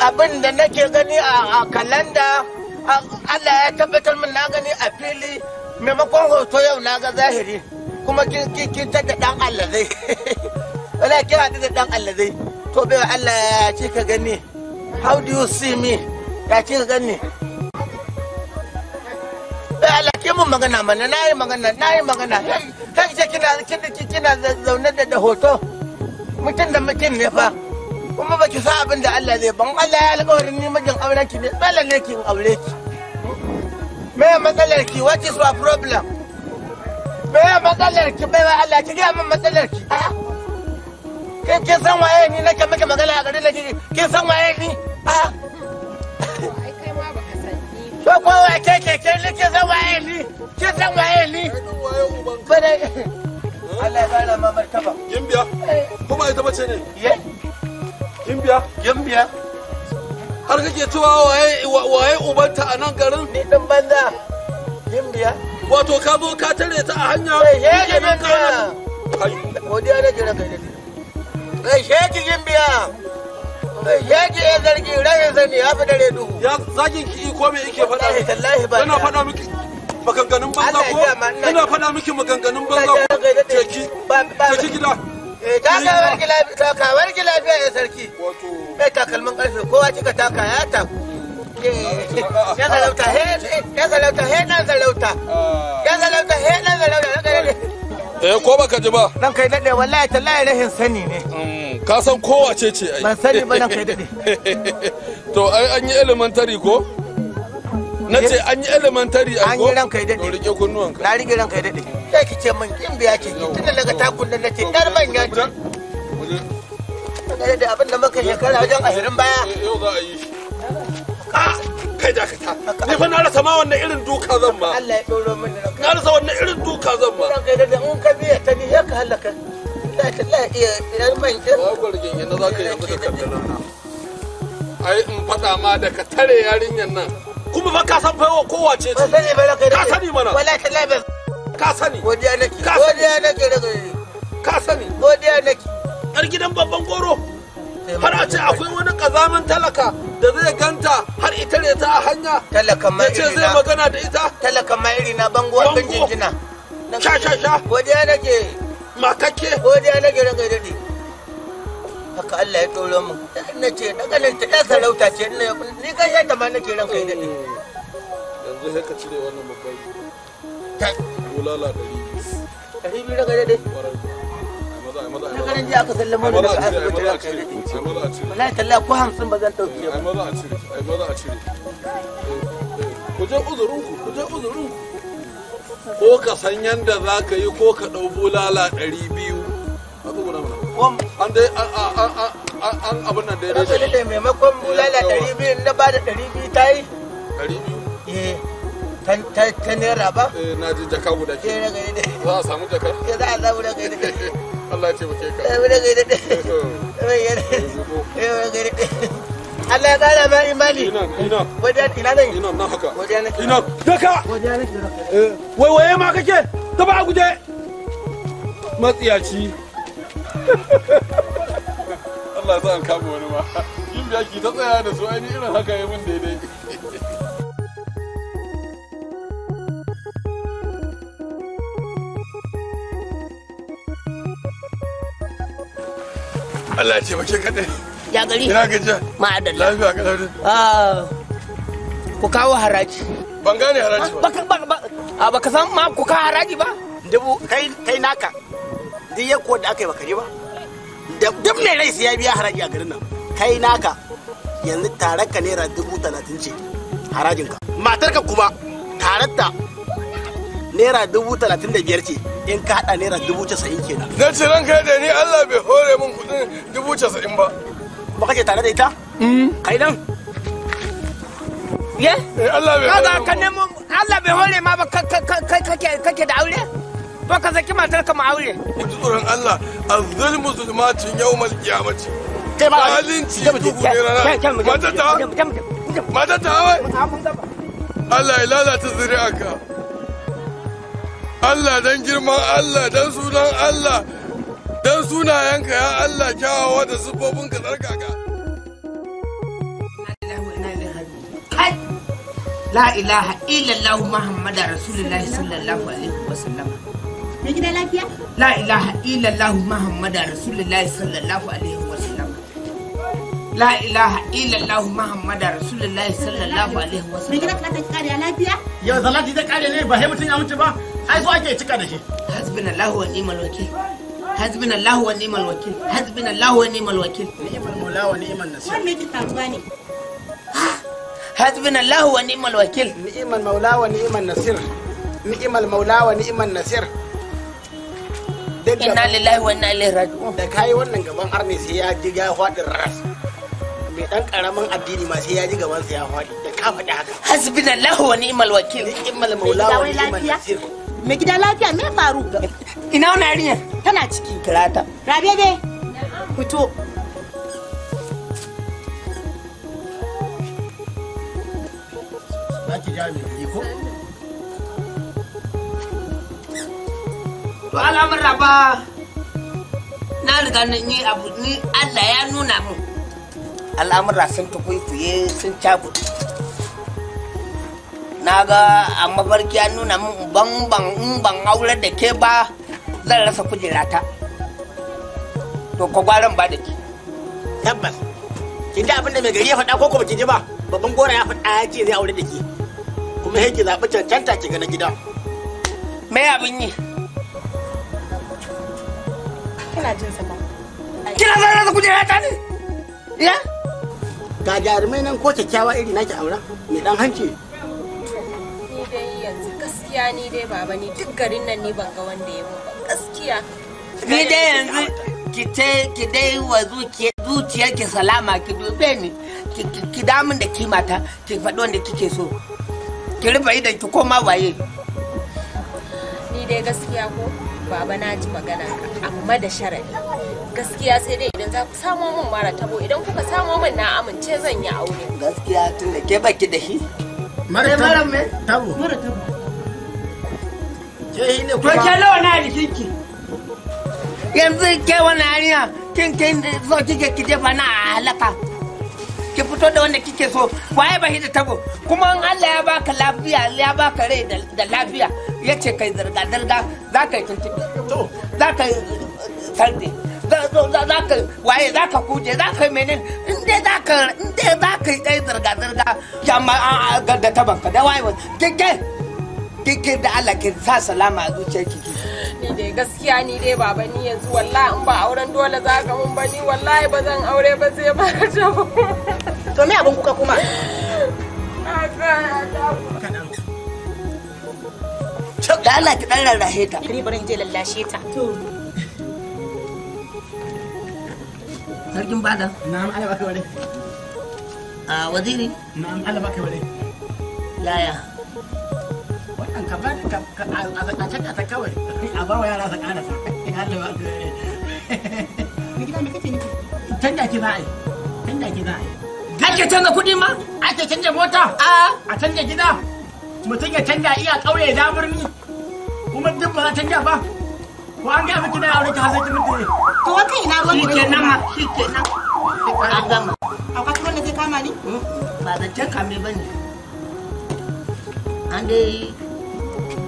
abin da nake gani a kalanda Allah ya tabbatar min na gani a fili maimakon hoto yau na ga zahiri kuma kin da dan allazai wala kira da dan allazai to bai Allah ya ce ka gani how do you see me ya ce ka gani bai Allah ke mun magana mana na yi magana na yi magana kan ce kina zaune da hoto mutum da mutum ne fa kuma ba ki sa abin da Allah zai ban Allah ya alƙawarin ni mijin auren ki ne dole ne ki in aure ki me matsalar ki what is your problem me matsalar ki bai Allah ki ga min matsalar ki ke ke san waye ni nake maka magana a garin da ke san waye ni a ai kai ma ba ko ko ke ke ke ni kin san waye ni ke san waye ni Allah ya mamar ma Yin biya. Eh. Kuma ita bace ne? Gimbiya? Gimbiya. Har kake cewa waye waye ubanta a nan garin? Ni dan banda. Gimbiya. Wato ka zo ka tare ta a hanya. Sai shege gimbiya. Godiya da kira kai da Sai shege gimbiya. yaji ya zargi rayin sani ya fi dare duhu. Ya zagin ki ko me yake faɗa eh, miki? Wallahi ba. Ina faɗa miki maganganun banza ko? Ina faɗa miki maganganun banza ko? Teki. Teki gida. Eh taka warki lafiya taka warki lafiya ya sarki. Wato. Kai takalman ƙarfe kowa kika taka ya taku. Ya zalauta he ya zalauta he na zalauta. Ya zalauta he na zalauta. Eh ko baka ji ba? Dan kai dade wallahi tallahi rahin sani ne. Mm, ka san kowace ce ai. Ban sani ba nan kai dade. To ai an yi elementary ko? na ce an yi elementary a an yi ranka daɗe rike kunnuwanka na rike ranka ya daɗe sai ki ce min kin biya ce tun da daga takun nan nace dar manya ce da abin da muka shekara wajen ashirin baya eh, yau za a yi kai da ka ni fa na rasa ma wannan irin duka zan ba Allah ya ɗoro min na rasa wannan irin duka zan ranka da in ka biya ta ni ya ka halaka ya ba gurgin yana da kaddara ai in faɗa ma daga ka tare yarinyar nan kuma ba ka san baiwa kowa ce ce ka sani mana ka sani godiya nake godiya nake daga ka sani godiya nake har gidan babban goro har a ce akwai wani kazaman talaka da zai ganta har ita ne ta a hanya talakan mai ce zai magana da ita talakan iri na bango abin jinjina sha sha sha godiya nake makakke godiya nake da ni haka Allah ya mu na ce nan ta sarauta ce ni kan yadda ma nake ran kai daɗi yanzu sai ka cire wannan babban bulala ɗari da daga asibiti ran eh, eh, eh. ko ka san yadda za yi ko ka ɗau bulala ɗari biyu an dai an abin nan da maimakon bulala ɗari biyu na ba da ɗari biyu ta yi ɗari biyu eh, ta naira ba eh, na ji jaka guda ke eh, za a samu jaka za a samu daga yi daɗe Allah ce muke ka samu jaka yi Allah ya ƙara ma imani wajen ina zan yi nan haka wajen ina daka wajen nake wai waye ma kake ta ba guje matsiyaci Allah ya sa an kama wani ma yin biya ta tsaya da su an yi irin haka yi mun daidai Allah ya taimake ka dai ya gari ina gajiya ma'adalla lafiya ka lafiya ah, ku kawo haraji ban gane haraji ba ba ka san ma ku kawo haraji ba dubu kai kai naka duk yakko da aka yi baka ba duk mai rai ya biya haraji a garin nan kai naka yanzu tarar ka naira dubu talatin ce harajin ka matar ka kuma tarar ta naira dubu talatin da biyar ce in ka hada naira dubu casa'in kenan na ce ranka da ni allah bai hore min kudin dubu casa'in ba ba kake tare da ita mm. kai nan ye eh, allah bai hore ma ba kake da aure to ka saki matar ka mu aure ji tsoron Allah a zulmatin yawmal qiyamati kai ba zalunci duhu ne mata ta ta wai Allah ya lalata zuri'arka Allah dan girman Allah dan sunan Allah dan sunayenka ya Allah kyawawa da siffofinka tsarkaka la ilaha illallah muhammadu rasulullahi sallallahu alaihi wasallam Me gida lafiya? La ilaha illallah Muhammadu Rasulullahi sallallahu alaihi wa wasallam. La ilaha illallah Muhammadu Rasulullahi sallallahu alaihi wasallam. Me gida ka ta kare lafiya? Yau zalati ta kare ne ba sai mutun ya mutu ba. Ai so ake cika da shi. Hasbunallahu wa ni'mal wakil. Hasbunallahu wa ni'mal wakil. Hasbunallahu wa ni'mal wakil. Ni'mal mula wa ni'mal nasir. Wannan ke taruwa ne. Hasbunallahu wa ni'mal wakil. Ni'mal maula wa ni'mal nasir. Ni'mal maula wa ni'mal nasir. inna lillahi wa inna ilaihi raji'un da kai wannan gaban arne sai ya ji ya faɗi ras mai dan karamin addini ma sai ya ji gaban sa ya faɗi da ka faɗi haka hasbinallahu wa ni'mal wakil ni'mal maula wa ni'mal nasir me gida lafiya me faru ina wannan yarinya tana ciki kirata rabe dai fito Thank you, malam raba na riga na yi abu ni Allah ya nuna min al'amura sun tukuikuye sun cabu na ga a mafarki ya nuna min ban ban ban aure da ke ba zan rasa kujerata to ko gwaran ba da ke tabbas kin ji abin da mai gari ya faɗa ko ko baki ji ba babban gora ya faɗa ya ce zai aure da ke kuma yake zaɓi cancanta ki ga na gida me abin yi kina jin sa ma kina zauna da ta ne ya ga jarumai nan ko kyakkyawa iri naki aura mai dan hanci ni dai yanzu gaskiya ni dai baba ni duk garin nan ni ban ga wanda ya mun ba gaskiya ni dai yanzu ki te ki dai wa zuciyar zuciyar ki salama ki dube ni ki damun da kimata ki faɗi wanda kike so ki rufe idan ki koma waye ni dai gaskiya ko baba na ji magana amma da sharadi gaskiya sai dai idan za ku samo min mara tabo idan kuka samo min na amince zan yi aure gaskiya tun da ke baki da shi mara eh, tabo mara tabo ke yi ne kuma ke lawa na alikinki yanzu ke wani hariya kin kin zo kike ki jefa na halaka ki fito da wanda kike so waye ba hidda tabo kuma an Allah ya baka lafiya ya baka rai da lafiya ya ce kai zirga zirga za ka yi tuntuɓe za ka yi sarde za ka waye za ka kuje za ka yi menin in dai za ka in dai za ka yi kai zirga zirga yamma an gargata banka da waye wani kike kike da Allah ki sa salama a zuciyarki ni dai gaskiya ni dai baba ni yanzu wallahi in ba auren dole za ka mun bani wallahi ba zan aure ba sai ba ta ba to me abin kuka kuma da Allah ki dan rarrahe ta ni barin je lallashe ta to sarkin bada na'am Allah baka bare. Ah waziri na'am alaba kai wale yaya ka bar a caka ta kawai a bar wa yara su karasa ya lewa ne gida me kake nufi canja ki za a yi canja ki za a yi ake canza kuɗi ma ake canza mota a canza gida mutum ya canza iya ƙauye damar ni. kuma duk ba za canja ba ko an gaya miki na aure ki hasa ki mutu to wata ina ruwan ke nan ma shi ke nan. an gama akwai kuma ne zai kama ni hmm? ba zan can kame ba ne an dai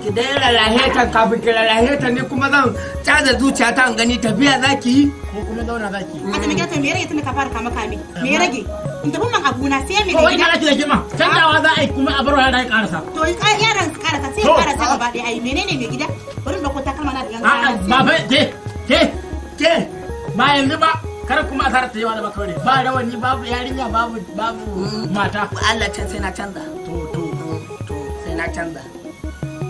ki dai rarrahe ta kafin ki rarrahe ta ne kuma zan caza zuciya ta an gani tafiya za ki yi ko kuma zauna za ki yi. Azumi gata me rage tunda ka fara kama kame me rage in tafi man abuna sai me. Ko wani kana da gima canzawa za a yi kuma a bar wa yaran karasa. To ya yaran su karasa sai ya karasa gaba ɗaya ai menene mai gida bari da ko takalma na da yan kaya. Ba ba ke ke ke ba yanzu ba kar kuma asara ta yi wani ba kawai ba rawani babu yarinya babu babu mm. mata. Allah can sai na canza. To to to sai na canza.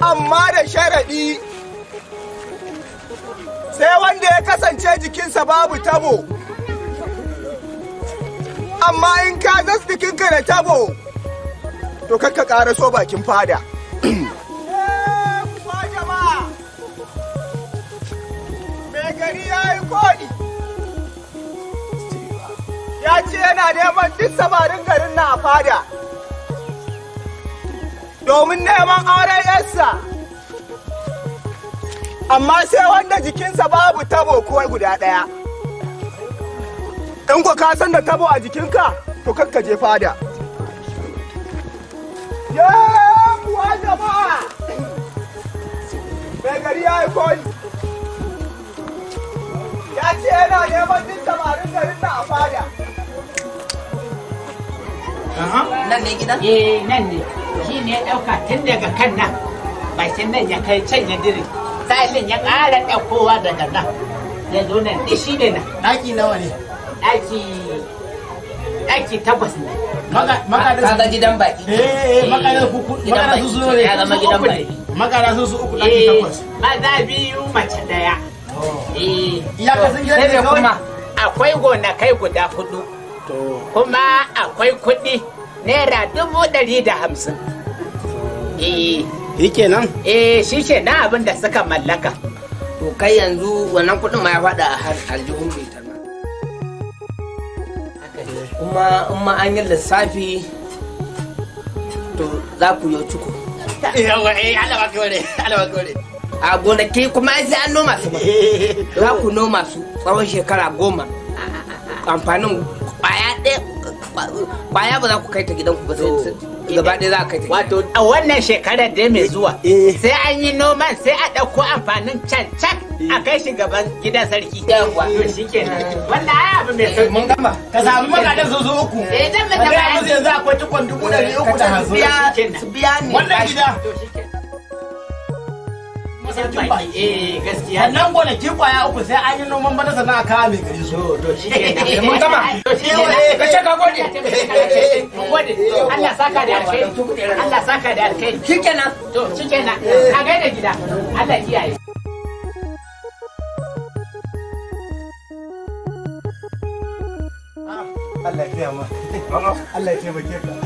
amma da sharaɗi sai wanda ya kasance jikinsa babu tabo amma in ka jikinka da tabo to kakka ƙara so bakin fada ya ce yana neman duk sama domin neman auren yarsa amma sai wanda jikinsa babu tabo ko guda ɗaya in ku ka san da tabo a jikinka to kakka je fada yawwa jama'a mai gari ya yi koli ya ce yana neman jin samarin garin na a fada nan ne gidan? eh nan ne shi ne ya ɗauka tun daga kan nan bakin nan ya kai can ya dire sashin ya ƙara ɗaukowa daga nan ya zo nan ɗi shi ne nan ɗaki nawa ne ɗaki ɗaki takwas ne gidan baki eh, eh, eh, makara su ne su uku ɗaki takwas maza biyu mace ɗaya oh. gidan ne kuma akwai gonakai guda hudu kuma akwai kuɗi naira dubu ɗari da hamsin Eh. eh shi kenan eh shi ke na abin da suka mallaka to kai yanzu wannan kudin ma ya fada a aljihun ita kuma in ma an yi lissafi to za ku yi cuku yawa eh alawa kore alawa kore a gonaki kuma ai sai an noma su ba za ku noma su tsawon shekara goma amfanin kwaya ɗaya kwaya ba za ku kai ta gidanku ba sai gaba ɗaya za ka wato a wannan shekarar da mai zuwa eh, eh. sai an yi noman sai a ɗauko amfanin can can a eh. kai shi gaban gidan sarki yawa to shikenan wannan ai abu mai sauki mun gama ka samu magadan zo zo uku eh dan mata ba yanzu akwai tukon dubu ɗari uku da hazo biya biya ne wannan gida san baki eh gaskiya nan gonaki kwaya uku sai an yi noman bana sannan k'a mai gari so to shi ke eh, mun gama eh, ka ce ka gode eh, gode Allah saka da alkai Allah saka da alkai shikenan to shikenan ka gaida gida Allah kiyaye ah, Allah ya ma Allah ya ma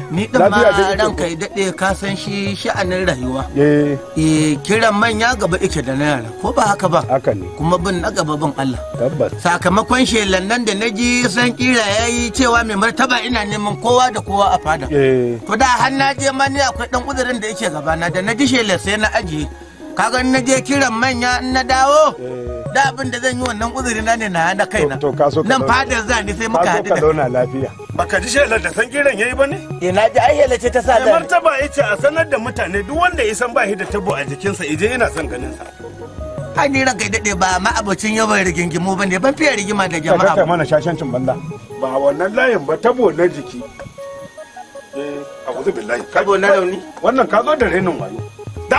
ni din ma ranka ya daɗe ka san shi sha'anin rayuwa eh. eh kiran manya gaba ike da na yara ko ba haka ba haka ne kuma bin na gaba bin Allah tabbas sakamakon shelan nan da naji san kira yayi cewa mai martaba ina neman kowa da kowa a fada eh. to da har na je ma ni akwai dan uzurin da yake gabana da naji shelan sai na ajiye kaga na je kiran manya in na dawo eh. da abin da zan yi wannan uzuri na ne na na kaina to ka so nan fadar za ni sai muka hadu da zauna lafiya baka ji shelar da san giran yayi bane eh na ji ai helace ta sa da martaba yace a sanar da mutane duk wanda ya san ba shi da tabo a jikinsa idan yana son ganin sa ai ni ranka dade ba ma abocin yawan rigingimu bane ban fiya rigima da jama'a ba mana shashancin banda ba wannan layin ba tabo na jiki eh a billahi kai wannan rauni wannan ka zo da renin wani.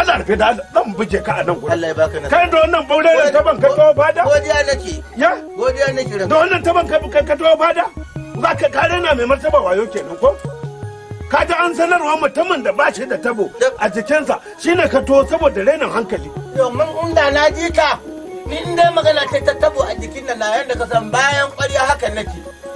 Allah rufe da dan buge ka a nan gurin Allah ya baka nan kai da wannan bauraren taban ka tawo fada godiya nake ya godiya nake da wannan taban ka ka tawo fada za ka kare na mai martaba wayo kenan ko ka ji an sanarwa mutumin da ba shi da tabo a jikinsa shine ka to saboda rainin hankali domin inda na ji ka ni in dai magana ta tabo a jikin nan na yadda ka san bayan ƙwarya haka nake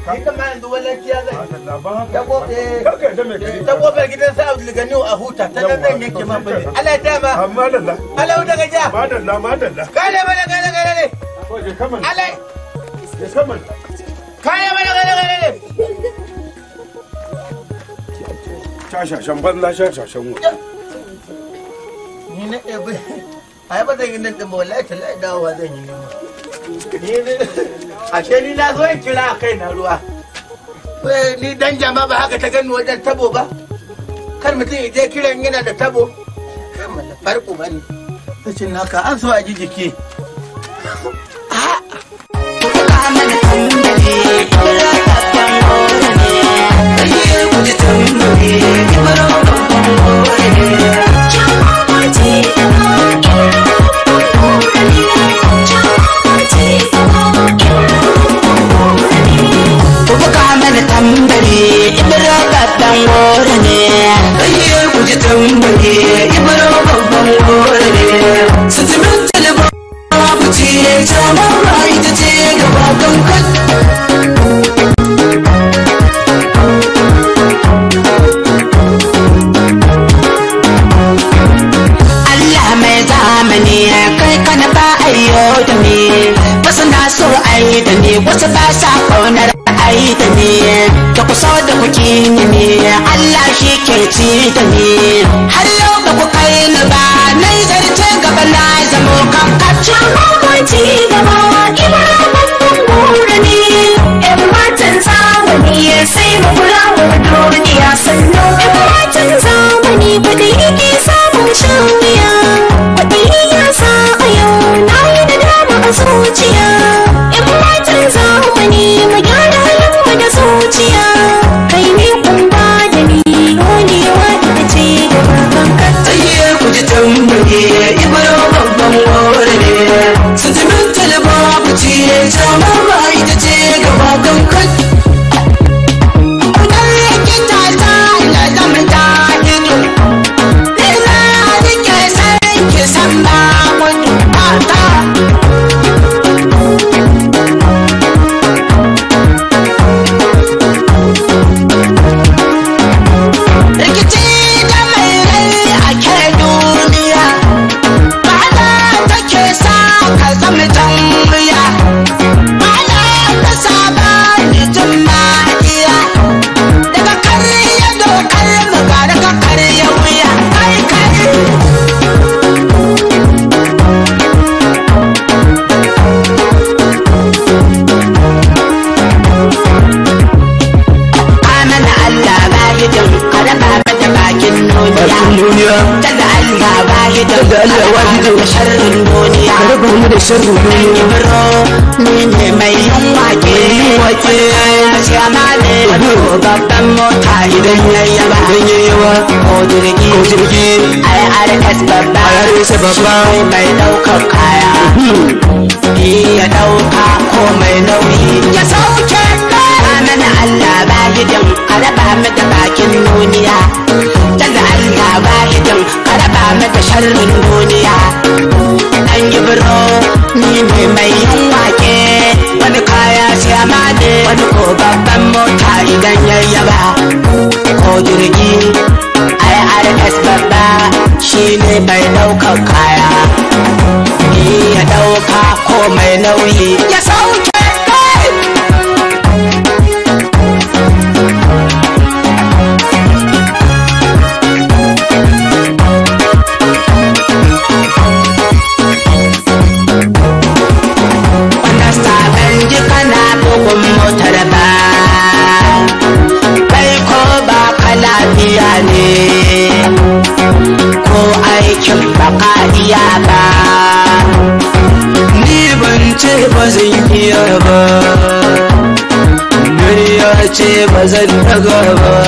ni gidan sa a huta ta nan ya banza wuta ni na ɗaya bai a ba zan yi nan ɗin ba wallahi tala'i dawowa zan yi nema ashe ni na zo in kira a kai na ruwa ni dan jama ba haka ta gani wajen tabo ba kar mutum ya je kiran yana da tabo farko ba ne tashin naka an so a ji Yeah. jama'a ita ce gaba Allah mai zamani ya kai kana ba ayyo da me wasu na so ayi da me wasu ba sa ƙaunar ayi da me da kusa da kuke ne Allah shi ke ci da me Jeevan wurin yayya ba hanyoyiwa ko jirgi ko jirgi irs babba irs babba mai daukar kaya ya dauka ko mai nauyi ya sauke mana allah ba gidan karaba bakin duniya daga allah ba gidan karaba mata duniya dan yi biro ni ne mai yawa ke wani kaya sai amade wani ko babban mota idan yayyaba jirgi irs babba shine mai daukar kaya ya dauka ko mai nauyi ce ba zan daga ba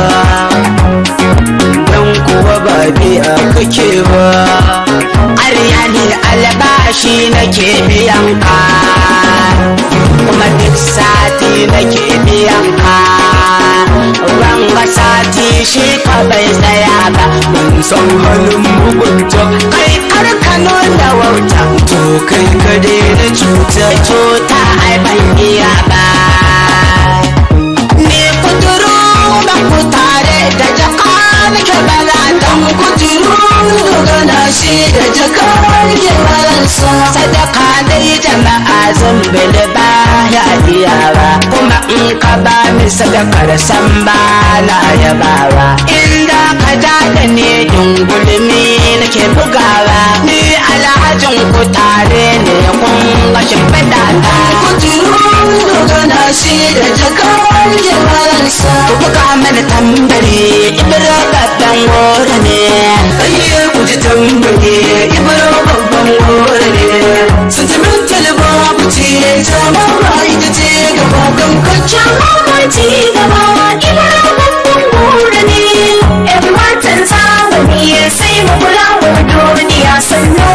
dan kuwa ba biya kake ba aryanil albashi nake biyan ka kuma duk sati nake biyan ka ban sati shi ka bai tsaya ba ban san halin mugunta kai ka da wauta to kai ka daina cuta cuta ai ban iya ba sadaka dai jama'a zan bili ba ya iyawa kuma in ka ba ni sadakar san ba na yabawa in da ka ja da ne in na nake bugawa ni alhajin ku tare ne kun ga shimfiɗa ta kuturu na shi da jakawar yawansa ku buga mana tambari ibro babban gora ne ayyar ji tambari ibro babban gora ne ce ta mawa ita ce gaba kan kwanciyar mawa ce gaba wa ina babban ne yan matan zamani sai mu kula wa duniya sannu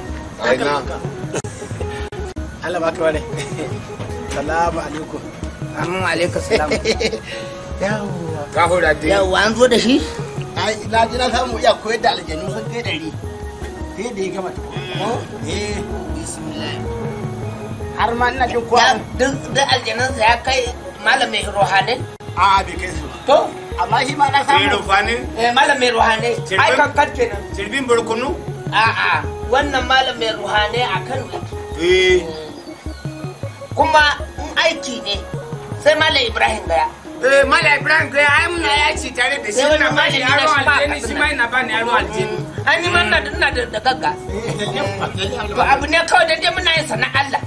ina Allah baka salamu alaikum alaikum salam yawwa ka hura dai yawwa an zo da shi ai na ji na samu iya koyar da aljanu sun kai dari sai da ya gama ta ko mm. eh bismillah har ma ina jin kowa duk aljanun sa ya kai malamin a a'a bai kai su to amma shi ma na samu ruhanin eh ai kan kan kenan jirbin a a. wannan malam mai ruhane a kan wiki eh. kuma in aiki ne sai malam ibrahim gaya eh malam ibrahim gaya ai muna yaki eh. tare da shi na ba ni aro aljini mm. shi ma na ba ni aro aljini an yi manna da da gagga eh. to abu ne kawai da dai muna yin sana Allah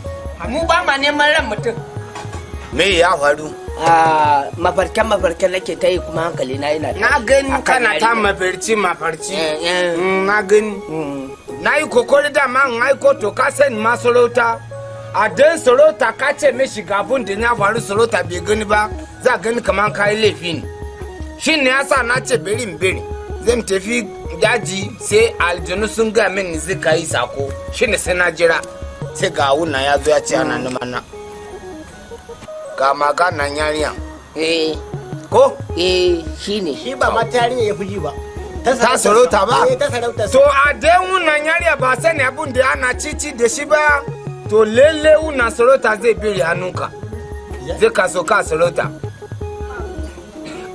mu ba ma neman ran mutum me ya faru ah, mafarken mafarken nake ta yi kuma hankali na yana na gani kana ta mafarci mafarci mm, na gani mm. na yi kokori da ma in aiko to ka sani ma solota a den solota ka ce mai shiga abun da na faru solota bai gani ba za gani kamar ka yi laifi ne shi ne yasa na ce beri beri zan tafi daji sai aljanu sun ga min ni ka yi sako shi ne sai na jira sai ga wuna ya zo ya ce ana nima na ga maganan yariya eh. ko eh shi ne shi ba ma ta ya fi ji ba Eh, ta sarauta ba to a dai wunan yariya ba sani abin da ana cici da shi ba to lele wunan sarauta zai biri hannunka zai kaso ka sarauta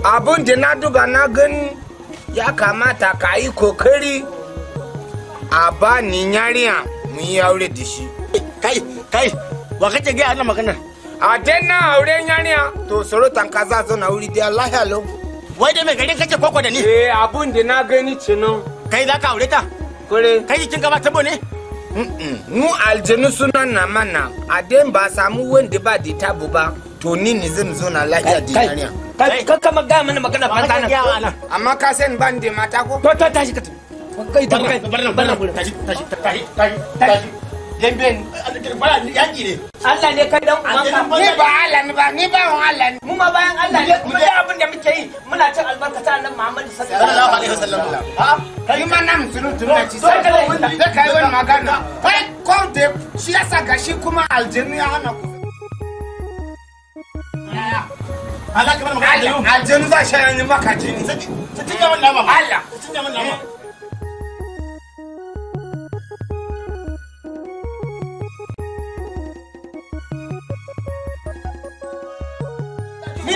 abin da na duga na gani ya kamata ka yi kokari a ba ni yariya mu yi aure da shi kai kai wa kace ga ana maganar a den na aure yariya to sarautan ka za zo na wuri da lahiya lau wai dai mai gari kake koko da ni eh abun da na gani cinan kai za ka aure ta kure kai kin ka ba tabo ne mu aljinu sunan na mana a den ba samu wanda ba da tabo ba to ni ni zan zo na lafiya dinariya kai kai kama ga mana magana ba ta nan amma ka san ban da mata ko to to tashi ka tafi kai tafi bar nan bar nan tashi tashi tashi tashi dambe baya yaki ne Allah ne kai dan ubanka ni ba Allah ne ba ni ba wan Allah ne mu ma bayan Allah ne mu da abin da muke yi muna cin albarkata annabi Muhammad sallallahu alaihi wasallam ha kai ma nan tunu tunu ci sai da kai wani magana kai ko da shi yasa gashi kuma aljinni hana ku Allah kamar magana da yau aljinni za shi ne maka jini sai tunda wannan Allah tunda wannan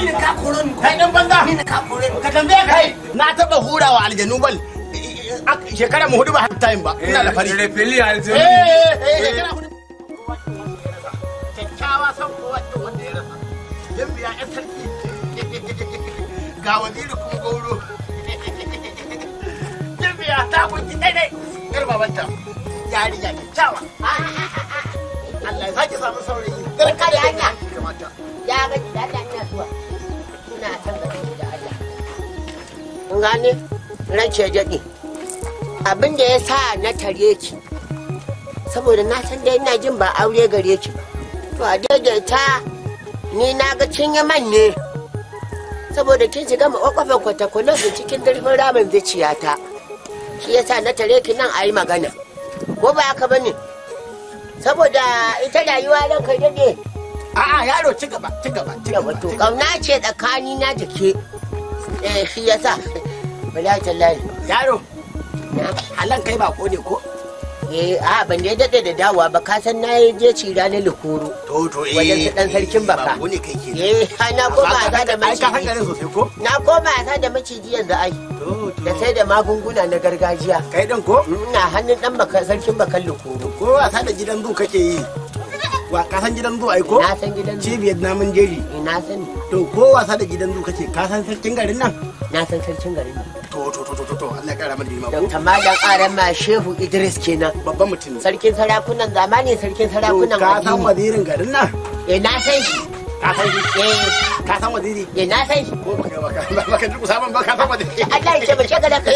ne ka kore ni kai dan banza ni ne ka kore ka kai na taba hurawa aljanu bal shekara mu hudu ba half time ba eh, ina da fari eh eh, eh, eh kyakkyawa san ko wanda ya rasa biya ya sarki ga kuma gauro biya ta daidai kyakkyawa Allah ya samu saurayi garka da hanya ya ga zuwa ina da gane daɗi abin da ya sa na tare ki saboda na san dai ina jin ba aure gare ki to a daidaita ni na ga cinye yi manne saboda kin shiga makwakwafen kwatakwalon su cikin zurfin ramin zuciyata shi sa na tare ki nan a yi magana ko ba haka bane saboda ita rayuwa ranka daɗe A'a yaro ci gaba ci gaba ci gaba. To kauna ce tsakani na da ke. Eh shi yasa. Bala tallahi. Yaro. Halan kai ba ko ne ko? Eh aa ban dai dade da dawa ba ka san nayi je ci ranar likoro. To to eh. Wajen dan sarkin eh, baka. Ba ne kai ke. Eh na koma za da maciji. Ka hankali sosai ko? Na koma za da maciji yanzu ai. da sai da magunguna na gargajiya kai dan ko ina hannun dan sarkin bakan lokoro ko wasa da gidan zu kake yi wa ka san gidan zu ai ko na san gidan zu cibiyar namun jeji eh, na sani to ko wasa da gidan zu kake ka san sarkin garin nan na san sarkin garin nan to to to to to Allah kara mana limama ko tamma da aran ma Shehu Idris kenan babban mutum sarkin sarakunan zamani sarkin sarakunan ka san wazirin garin nan eh na san shi ka san shi eh ka san waziri eh na san shi ko baka baka duk saban ba ka san waziri Allah ya ce ban shagala ka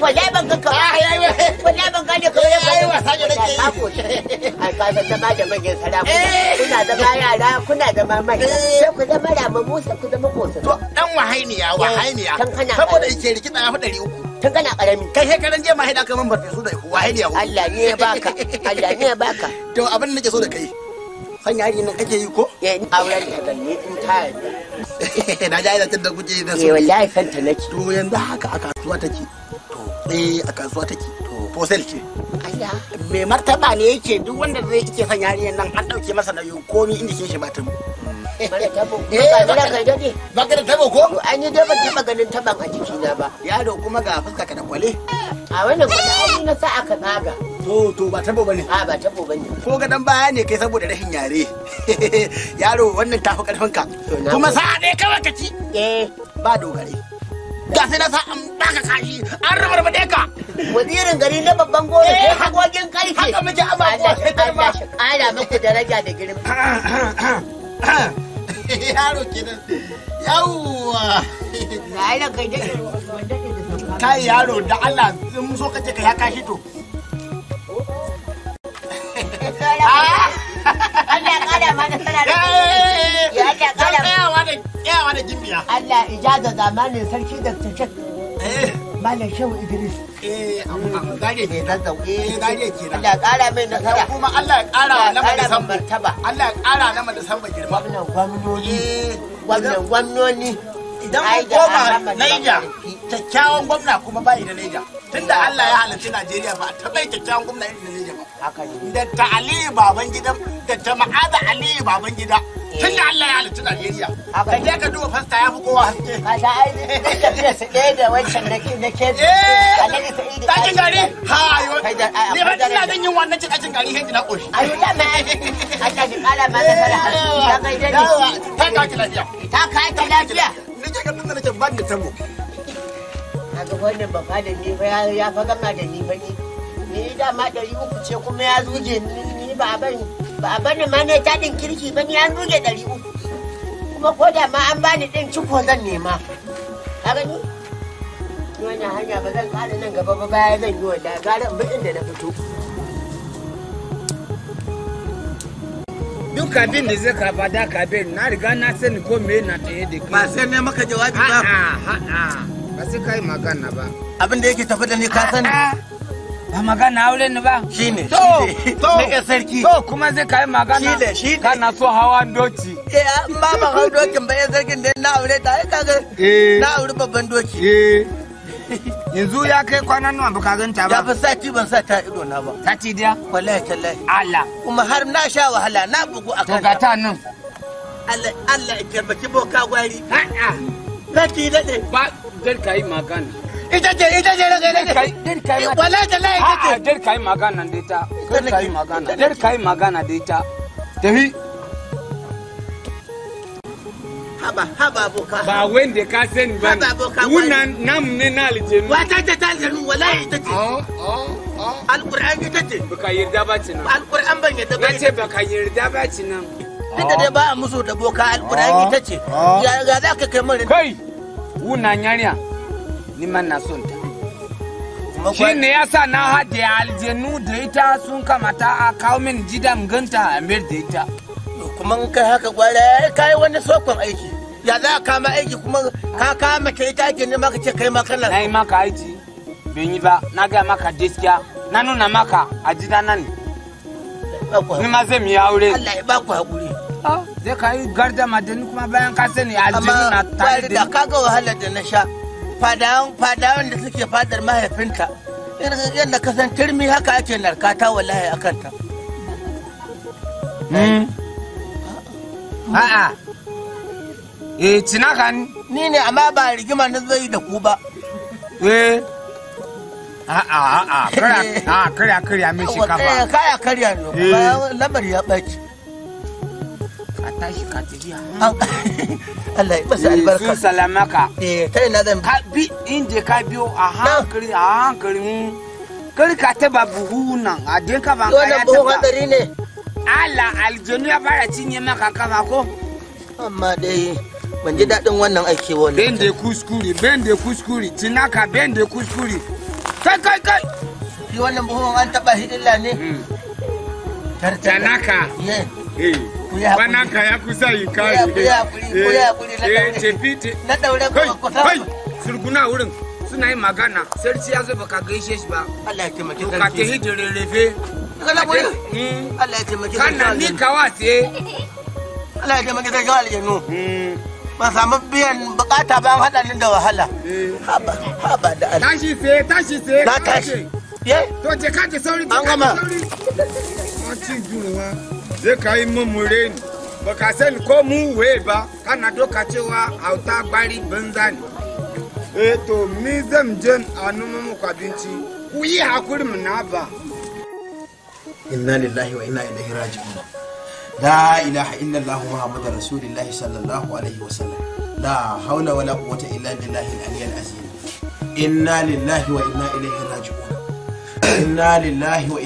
wallahi ban ganka ah, wallahi ban gane ka eh, wallahi wasa ne nake ka koce ai ka san da bada manyan eh. kuna da yara kuna da mamai eh. sai ku zama rama musa ku zama musa to dan wahainiya wahainiya saboda yake rikida ya fi 300 tun kana karami kai sai karan jema haida ka man barfe su da wahainiya Allah ne ya baka Allah ne ya baka to abin da nake so da kai Sanya yari ake yi ko? Eh, auren da zan yi in taya yi. Na ja da kuke da su. Eh, wallahi na nake. To yanzu haka a kasuwa take. To, eh a kasuwa take. To, posel ce. Aya, me martaba ne yake duk wanda zai yake son yarinyar nan an dauke masa nauyin komi inda ke shi ba ta mu. Eh, eh, baka da tabo ko? An yi dai ban ganin taban a jikina ba. Yaro kuma ga fuska ka da kwale. A wannan kwale an yi na sa'a ka tsaga. To oh, to ba tabo bane. A ah, ba tabo bane. Ko ga dan baya ne kai saboda rashin yare. Yaro wannan tafi karfin ka. Kuma sa ne kawai ka ci. Eh ba dogare. Ga sai na sa an baka kashi an rabar rabarbade ka. Wazirin gari na babban goro eh, ke hagogin karfe. Haka muke ababuwa. Allah shi kara muku daraja da girma. Yaro kenan. Yawwa. Na yi da kai da kai yaro da Allah in so kace ka ya kashi to. Allah kada mana sana da ya Allah kada tsayawa da tsayawa da gimbiya Allah ijaza zamanin sarki da tashak Malam Shehu Idris. Eh, amma gaje ke nan zau. Eh, gaje ke nan. Allah ƙara mai nasara. Kuma Allah ya ƙara na madasan martaba. Allah ya ƙara na madasan girma. Wannan gwamnoni. Eh, Wannan gwamnoni. idan mun koma Naija kyakkyawan gwamna kuma ba da Naija eh. tunda Allah ya halarci Najeriya ba ta bai kyakkyawan gwamna irin Naija ba da ta Aliyu baban gida da ta ma'aza Aliyu baban gida tunda Allah ya halarci Najeriya ka je ka duba fasta ya fi kowa haske ka da ai da su ɗaya da wancan na ke na ke eh! ta kin gari ha yo ne ba ina zan yin wannan cin ajin gari hin ina koshi ayo da ma aka ji kala ma da fara ta kai da ta kai lafiya ta kai lafiya je karfin da nake ba da tabo a ga wannan ba fa da ni ba ya fa gama da ni ba ni da ma ɗari uku ce kuma ya zuje ni ba ban ba ban ma ne ta din kirki ba ni ya zuje ɗari uku kuma ko da ma an bani din ciko zan nema a ka gani wannan hanya ba zan ƙara nan gaba ba baya zan yi wa da gara in da inda na fito duk abin da zai ka fada kabir na riga na sani ko me na ta da ba sai ne maka jawabi ba ba sai kai magana ba abin da yake tafi da ni ka sani ba magana aure ne ba shine to to ne sarki to kuma zai kai magana shine shine kana so hawa doki eh ba ba hawa dokin ba ya sarkin da na aure ta ai kaga eh. na aure babban doki eh yanzu ya kai kwanan n'uwa baka ganta ba ya fi sati ban sa ta ido na ba sati da wallahi tallahi Allah kuma har na sha wahala na bugu a kan ta nan Allah Allah ya tabbaki boka gwari a'a sati dade ba dan kai magana ita ce ita ce daga kai dan kai wallahi tallahi ita ce dan kai magana dai ta dan kai magana dan kai magana dai ta tafi haba haba boka ba wende ka sani ba haba boka wannan nam ne na aljanu wata ta ta zanu wallahi ta ce oh, oh, oh. alquran ita ce baka yarda ba ci nan alquran ban yarda ba ce baka yarda ba ci nan duk dai ba a musu da boka alquran ya tace ya ga za ka kai mun kai wannan yariya ni man na son ta shi ne ya sa na haɗe aljanu da ita sun kamata a kawo min jidan ganta a mayar da ita kuma kai haka gwara kai wani sokon aiki ya za ka kama aiki kuma ka kama kai ta aiki ne maka ce kai ma kana na yi maka aiki ben yi ba na gaya maka gaskiya na nuna maka a ji dana ne ni ma zai mu yi aure Allah ya ba ku hakuri zai ah, ka yi gardama ma ni kuma bayan ka sani jini na tare da ni ka ga wahalar da na sha fadawan fadawan da suke fadar mahaifinta yadda ka san turmi haka ake narkata wallahi akan ta hmm? a'a eh cinaka ni ne amma ba rigima na zai da ku ba eh a a kara a kara kara min shi kafa eh, kaya kara ne eh. lamar ya baki ka tashi ka tafiya Allah ya basa albarka sun salamaka eh kai na zan ka bi inda ka biyo a hankali a hankali kar ka taba buhu nan a din ka ban kaya taba ba ne Allah aljanu ya fara cinye maka kafa ko amma dai ban ji daɗin wannan aiki wani ben da kuskuri ben da kuskuri tinaka ben da kuskuri kai kai kai shi wannan buhun an taɓa hidilla ne hmm. tartanaka banaka eh. ya kusa yi kari eh. na daure eh, kai surguna wurin suna yin magana sarki ya zuba ka gaishe shi ba Allah ya taimake ka ka hmm. Allah ya taimake ka kana ni kawa Allah ya taimake ka aljanu hmm. ban samu biyan bukata ban hada da wahala eh, haba haba da Allah tashi sai tashi sai na tashi ye to je ka ji sauri an gama cin jurewa zai ka yi mun mure ni ba ka sani ko mu we ba kana doka cewa auta gbari banza ne eh to mi zan je a numa muku abinci ku yi hakuri na ba inna lillahi wa inna ilaihi raji'un la ilaha illallah muhammadur rasulullahi sallallahu alaihi inna lillahi wa inna ilaihi raji'un inna lillahi wa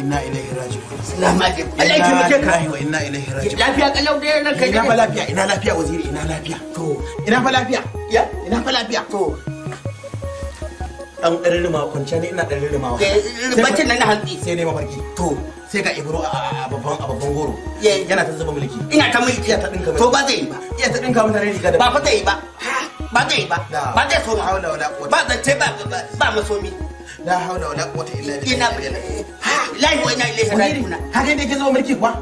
inna lafiya kalau dai nan kai ina fa lafiya ina lafiya waziri ina lafiya ina fa lafiya ya ina fa lafiya to dan ɗarin rima kwanciya ne ina ɗarin eh, na hantsi sai ne sai ka ibro a babban a babban goro yana ta zuba mulki ina ta mulki ta dinka to ba zai yi ba iya ta dinka mutane riga da ba fa zai yi ba ba zai yi ba ba zai so haula wala ba zai ce ba ba masomi la haula wala quwwata illa billah ina lahi wa ina ilaihi raji'un haka dai ke zuba mulki kuwa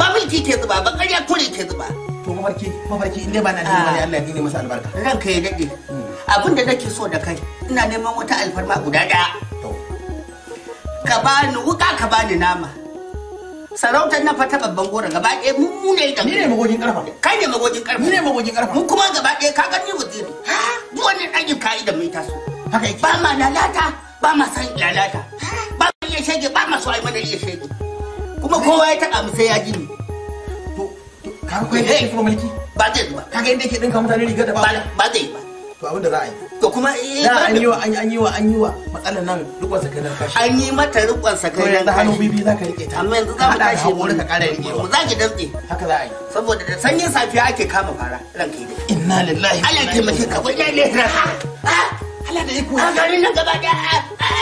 ba mulki ke zuba ba ƙarya kure ke zuba to mafarki mafarki in ba na da bane ah. Allah ya dine masa albarka ranka ya dade hmm. abin da nake so da kai ina neman wata alfarma guda daya ka bani wuka ka bani nama sarautar na fata babban gora gaba ɗaya mun mu ne da ne magogin karfa kai ne magogin karfa ni ne magogin karfa mun kuma gaba ɗaya ka gani waziri ha duk wani ɗan yin kayi da mai taso haka ba ma lalata ba ma san lalata ba ma iya shege ba ma so ai mana iya shege kuma kowa ya taɓa mu sai ya ji ni to ka kai da shi mulki ba zai ba ka ga inda yake dinka mutane riga da ba ba zai ba to abin da za a yi to kuma eh, da an yi wa an yi wa an yi wa matsalar nan rikon sakainar kashi an yi mata rikon sakainar kashi hannu bibi za ka rike ta amma yanzu za mu tashi mu rika ƙara rike mu za ki dantse haka za a yi saboda da sanyin safiya ake kama fara ranka yi inna lillahi ala ya taimake ka wai ne ha. ala da iko a garin nan gaba da a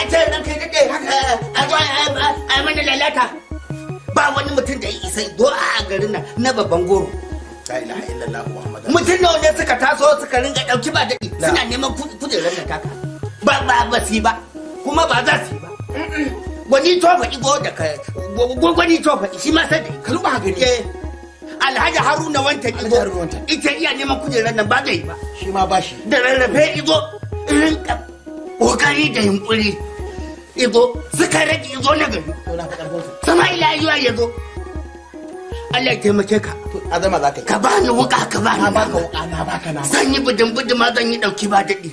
ce ranka yi dade a zo a mana lalata ba wani mutum da ya isa do'a a garin nan na babban goro la ilaha illallah muhammadu mutum nawa ne suka taso suka ringa dauki ba da suna neman kujerar nan taka ba ba ba su ba kuma ba za su ba gwani tofa ibo da ka gwani tofa shi ma sai ka luba haka ne eh. alhaji haruna wanta ibo ita iya neman kujerar nan ba zai ba shi ma ba shi da rarrafe ibo irin kokari da yunkuri ibo suka rage ibo na gari sama ila yi ya zo Allah ya taimake ka zama za ka yi ka bani wuka ka bani na baka wuka na ka na zan yi bujin bujin ma zan yi dauki ba daɗi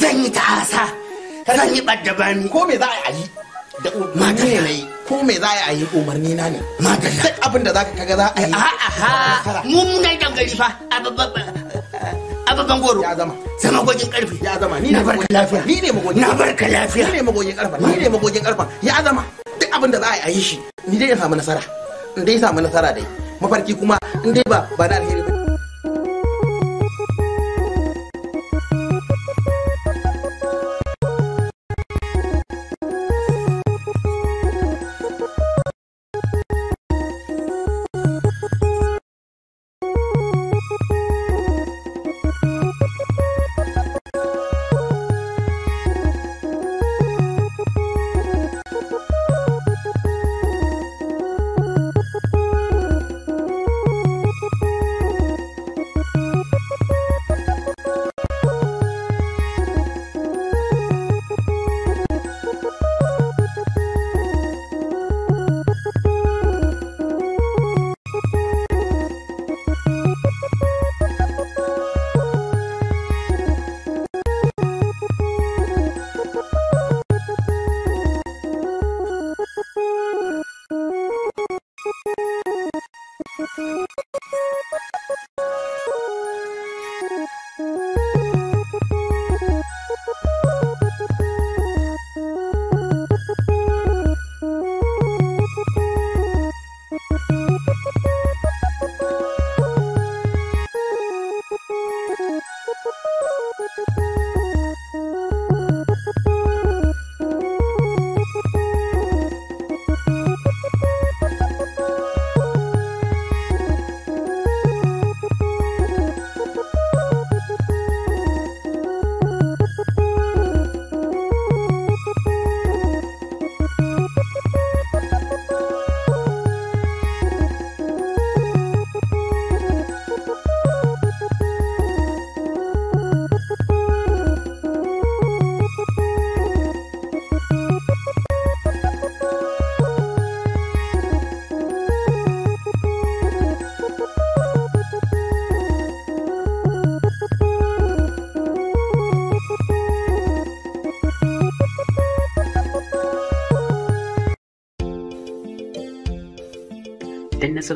zan yi ta'asa zan yi ɓadda ni. ko me za a yi da umarni ne yi ko me za a yi umarni na ne madalla duk abin da za ka kaga za a yi a'a mu muna dangari fa ababen goro ya zama zama gogin karfe ya zama ni ne magogin lafiya ni ne magogin na barka lafiya ni ne magogin karfa ni ne magogin karfa ya zama duk abin da za a yi a yi shi ni dai na samu nasara in dai samu nasara dai mafarki kuma in dai ba ba na alheri